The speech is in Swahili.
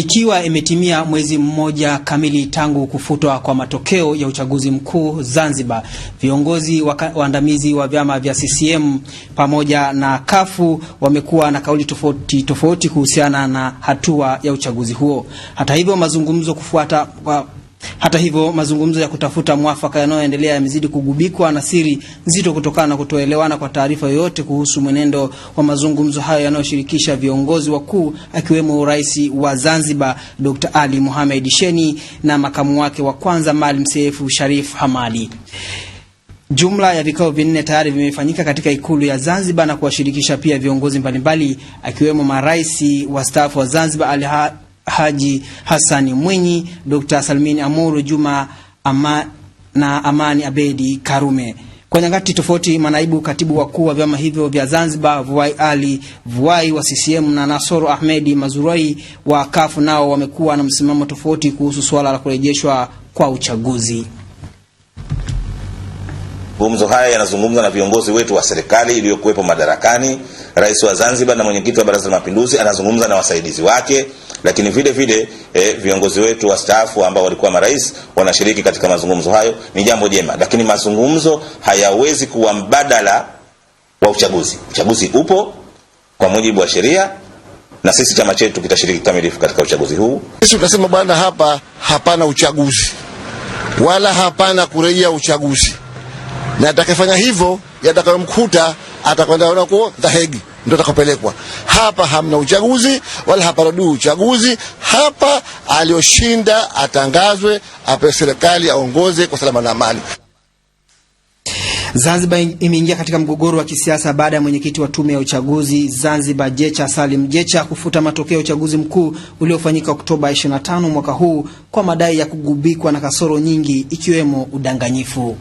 Ikiwa imetimia mwezi mmoja kamili tangu kufutwa kwa matokeo ya uchaguzi mkuu Zanzibar, viongozi waandamizi wa vyama vya CCM pamoja na kafu wamekuwa na kauli tofauti tofauti kuhusiana na hatua ya uchaguzi huo. Hata hivyo, mazungumzo kufuata hata hivyo, mazungumzo ya kutafuta mwafaka yanayoendelea yamezidi kugubikwa na siri nzito kutokana na kutoelewana kwa taarifa yoyote kuhusu mwenendo wa mazungumzo hayo yanayoshirikisha viongozi wakuu akiwemo Rais wa Zanzibar Dr. Ali Mohamed Sheni na makamu wake wa kwanza Maalim Seif Sharif Hamadi. Jumla ya vikao vinne tayari vimefanyika katika ikulu ya Zanzibar na kuwashirikisha pia viongozi mbalimbali akiwemo marais wastaafu wa Zanzibar Haji Hassan Mwinyi, Dr. Salmin Amuru Juma ama, na Amani Abedi Karume. Kwa nyakati tofauti, manaibu katibu wakuu wa vyama hivyo vya Zanzibar Vuai Ali Vuai wa CCM na Nasoro Ahmedi Mazurai wa kafu nao wamekuwa na msimamo tofauti kuhusu suala la kurejeshwa kwa uchaguzi mazungumzo haya yanazungumza na viongozi wetu wa serikali iliyokuwepo madarakani. Rais wa Zanzibar na mwenyekiti wa Baraza la Mapinduzi anazungumza na wasaidizi wake, lakini vile vile eh, viongozi wetu wa wastaafu ambao walikuwa marais wanashiriki katika mazungumzo hayo. Ni jambo jema, lakini mazungumzo hayawezi kuwa mbadala wa uchaguzi. Uchaguzi upo kwa mujibu wa sheria na sisi chama chetu kitashiriki kikamilifu katika uchaguzi huu. Sisi tunasema bwana, hapa hapana uchaguzi wala hapana kurejea uchaguzi na atakayefanya hivyo yatakayomkuta atakwenda huko The Hague, ndio atakopelekwa. Hapa hamna uchaguzi wala haparudi uchaguzi. Hapa aliyoshinda atangazwe, apewe serikali, aongoze kwa salama na amani. Zanzibar imeingia katika mgogoro wa kisiasa baada ya mwenyekiti wa tume ya uchaguzi Zanzibar Jecha Salim Jecha kufuta matokeo ya uchaguzi mkuu uliofanyika Oktoba 25 mwaka huu kwa madai ya kugubikwa na kasoro nyingi ikiwemo udanganyifu.